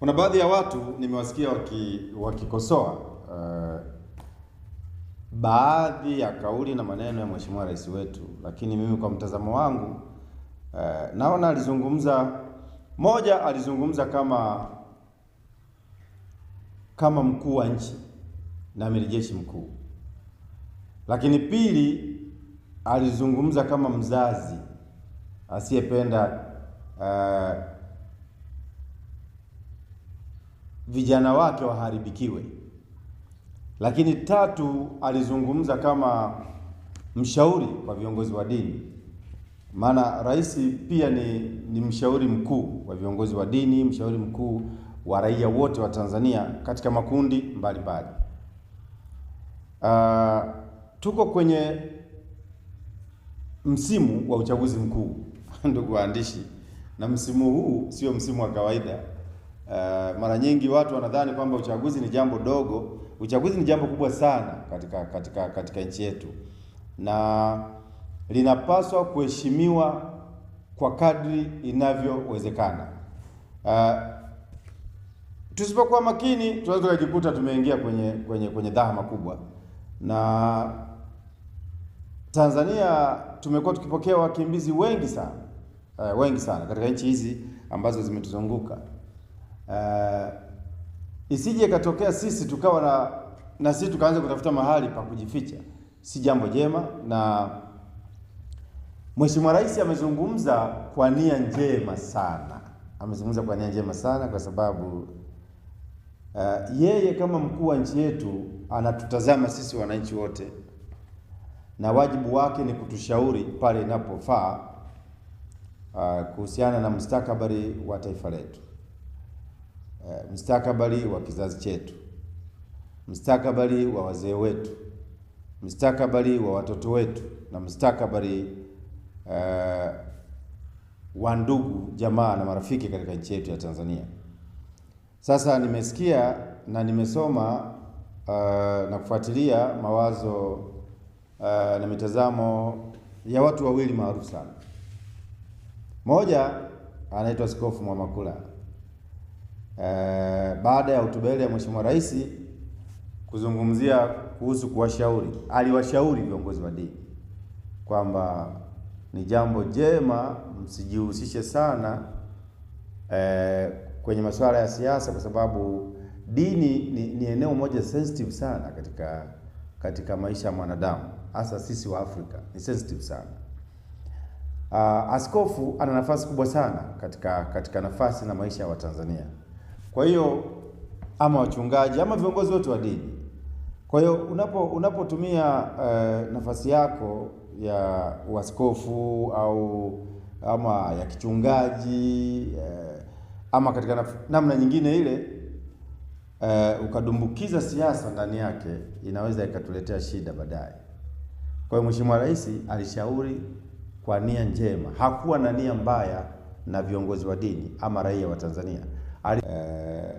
Kuna baadhi ya watu nimewasikia waki, wakikosoa uh, baadhi ya kauli na maneno ya Mheshimiwa Rais wetu, lakini mimi kwa mtazamo wangu uh, naona alizungumza moja, alizungumza kama kama mkuu wa nchi na amiri jeshi mkuu, lakini pili, alizungumza kama mzazi asiyependa uh, vijana wake waharibikiwe. Lakini tatu, alizungumza kama mshauri kwa viongozi wa dini, maana rais pia ni, ni mshauri mkuu wa viongozi wa dini, mshauri mkuu wa raia wote wa Tanzania katika makundi mbalimbali. Uh, tuko kwenye msimu wa uchaguzi mkuu ndugu waandishi, na msimu huu sio msimu wa kawaida. Uh, mara nyingi watu wanadhani kwamba uchaguzi ni jambo dogo. Uchaguzi ni jambo kubwa sana katika katika katika nchi yetu na linapaswa kuheshimiwa kwa kadri inavyowezekana. Uh, tusipokuwa makini tunaweza tukajikuta tumeingia kwenye kwenye kwenye dhahama kubwa, na Tanzania tumekuwa tukipokea wakimbizi wengi sana uh, wengi sana katika nchi hizi ambazo zimetuzunguka uh, isije ikatokea sisi tukawa na na sisi tukaanza kutafuta mahali pa kujificha, si jambo jema. Na Mheshimiwa Rais amezungumza kwa nia njema sana, amezungumza kwa nia njema sana kwa sababu uh, yeye kama mkuu wa nchi yetu anatutazama sisi wananchi wote, na wajibu wake ni kutushauri pale inapofaa, uh, kuhusiana na mustakabali wa taifa letu. Eh, mstakabali wa kizazi chetu, mstakabali wa wazee wetu, mstakabali wa watoto wetu na mstakabali uh, eh, wa ndugu jamaa na marafiki katika nchi yetu ya Tanzania. Sasa nimesikia na nimesoma uh, na kufuatilia mawazo uh, na mitazamo ya watu wawili maarufu sana. moja anaitwa Askofu Mwamakula Eh, baada ya hotuba ile ya Mheshimiwa Rais kuzungumzia kuhusu kuwashauri, aliwashauri viongozi wa dini kwamba ni jambo jema msijihusishe sana e, kwenye masuala ya siasa kwa sababu dini ni, ni eneo moja sensitive sana katika katika maisha ya mwanadamu hasa sisi wa Afrika ni sensitive sana. Uh, askofu ana nafasi kubwa sana katika katika nafasi na maisha ya Watanzania. Kwa hiyo ama wachungaji ama viongozi wote wa dini. Kwa hiyo unapo unapotumia uh, nafasi yako ya uaskofu au ama ya kichungaji uh, ama katika namna nyingine ile uh, ukadumbukiza siasa ndani yake, inaweza ikatuletea shida baadaye. Kwa hiyo Mheshimiwa Rais alishauri kwa nia njema, hakuwa na nia mbaya na viongozi wa dini ama raia wa Tanzania. Ali... Eh,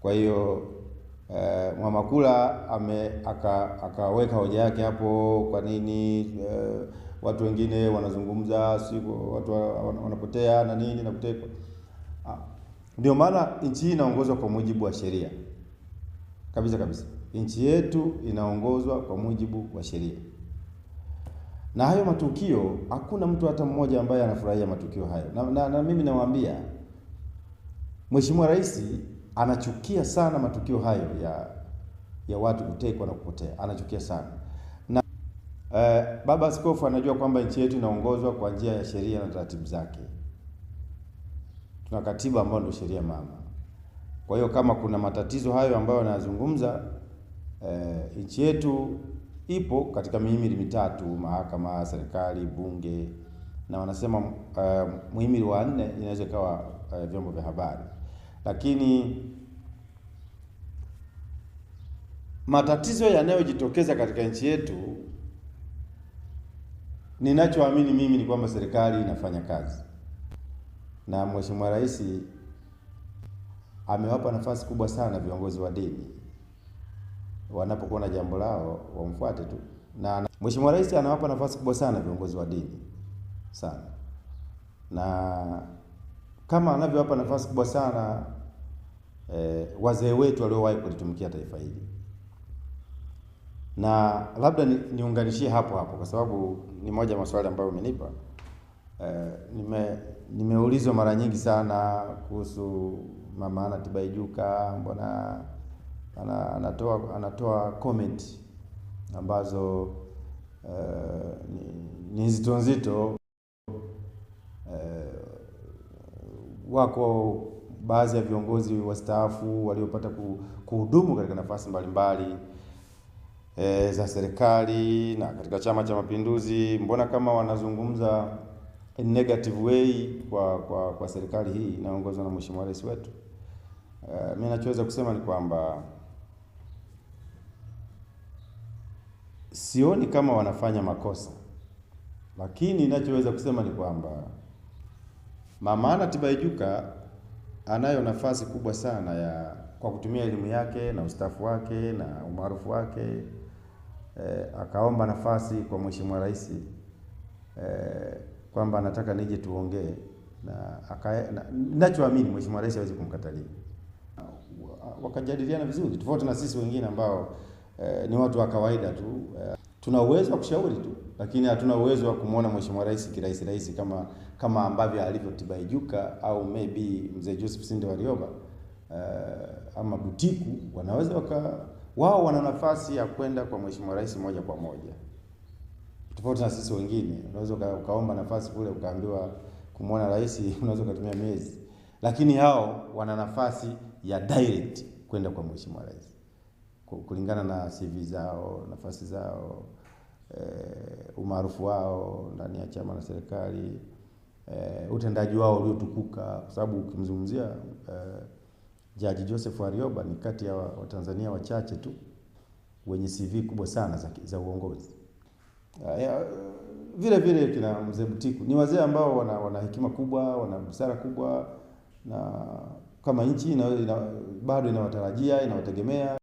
kwa hiyo e, Mwamakula ame aka, akaweka hoja yake hapo, kwa nini e, watu wengine wanazungumza siku watu wanapotea na nini na kutekwa. Ah, ndio maana nchi hii inaongozwa kwa mujibu wa sheria kabisa kabisa. Nchi yetu inaongozwa kwa mujibu wa sheria, na hayo matukio, hakuna mtu hata mmoja ambaye anafurahia matukio hayo, na, na, na mimi nawaambia Mheshimiwa Rais anachukia sana matukio hayo ya, ya watu kutekwa na kupotea, anachukia sana na eh, Baba Askofu anajua kwamba nchi yetu inaongozwa kwa njia ya sheria na taratibu zake. Tuna katiba ambayo ndio sheria mama. Kwa hiyo kama kuna matatizo hayo ambayo anazungumza eh, nchi yetu ipo katika mihimili mitatu: mahakama, serikali, bunge na wanasema uh, eh, muhimili wa nne inaweza ikawa uh, vyombo vya habari. Lakini matatizo yanayojitokeza katika nchi yetu, ninachoamini mimi ni kwamba serikali inafanya kazi na Mheshimiwa Rais amewapa nafasi kubwa sana viongozi wa dini, wanapokuwa na jambo lao wamfuate tu, na Mheshimiwa Rais anawapa nafasi kubwa sana viongozi wa dini sana, na kama anavyowapa nafasi kubwa sana eh, wazee wetu waliowahi kulitumikia taifa hili. Na labda niunganishie ni hapo hapo kwa sababu ni moja ya maswali ambayo umenipa. Eh, nime nimeulizwa mara nyingi sana kuhusu Mama ana Tibaijuka, mbona ana, anatoa anatoa comment ambazo eh, ni nzito nzito eh, wako baadhi ya viongozi wastaafu waliopata kuhudumu katika nafasi mbalimbali e, za serikali na katika Chama cha Mapinduzi, mbona kama wanazungumza in negative way kwa kwa, kwa serikali hii inayoongozwa na Mheshimiwa Rais wetu. E, mimi nachoweza kusema ni kwamba sioni kama wanafanya makosa, lakini ninachoweza kusema ni kwamba Mama Anna Tibaijuka anayo nafasi kubwa sana ya kwa kutumia elimu yake na ustafu wake na umaarufu wake e, akaomba nafasi kwa Mheshimiwa Rais e, kwamba anataka nije tuongee na ninachoamini na, Mheshimiwa Rais hawezi kumkatalia. Wakajadiliana vizuri tofauti na sisi wengine ambao e, ni watu wa kawaida tu e, Tuna uwezo wa kushauri tu, lakini hatuna uwezo wa kumwona mheshimiwa rais kirahisi rahisi kama kama ambavyo alivyo Tibaijuka au maybe mzee Joseph Sinde Warioba uh, ama Butiku wanaweza waka wao wana nafasi ya kwenda kwa mheshimiwa rais moja kwa moja, tofauti na sisi wengine. Unaweza ukaomba nafasi kule ukaambiwa kumwona rais unaweza ukatumia miezi, lakini hao wana nafasi ya direct kwenda kwa mheshimiwa rais kulingana na CV zao, nafasi zao, e, umaarufu wao ndani ya chama na serikali, e, utendaji wao uliotukuka, kwa sababu ukimzungumzia e, Jaji Joseph Warioba ni kati ya Watanzania wachache tu wenye CV kubwa sana za, za uongozi. Ya, vile vile kina Mzee Butiku ni wazee ambao wana, wana hekima kubwa, wana busara kubwa na kama nchi ina, ina, bado inawatarajia, inawategemea.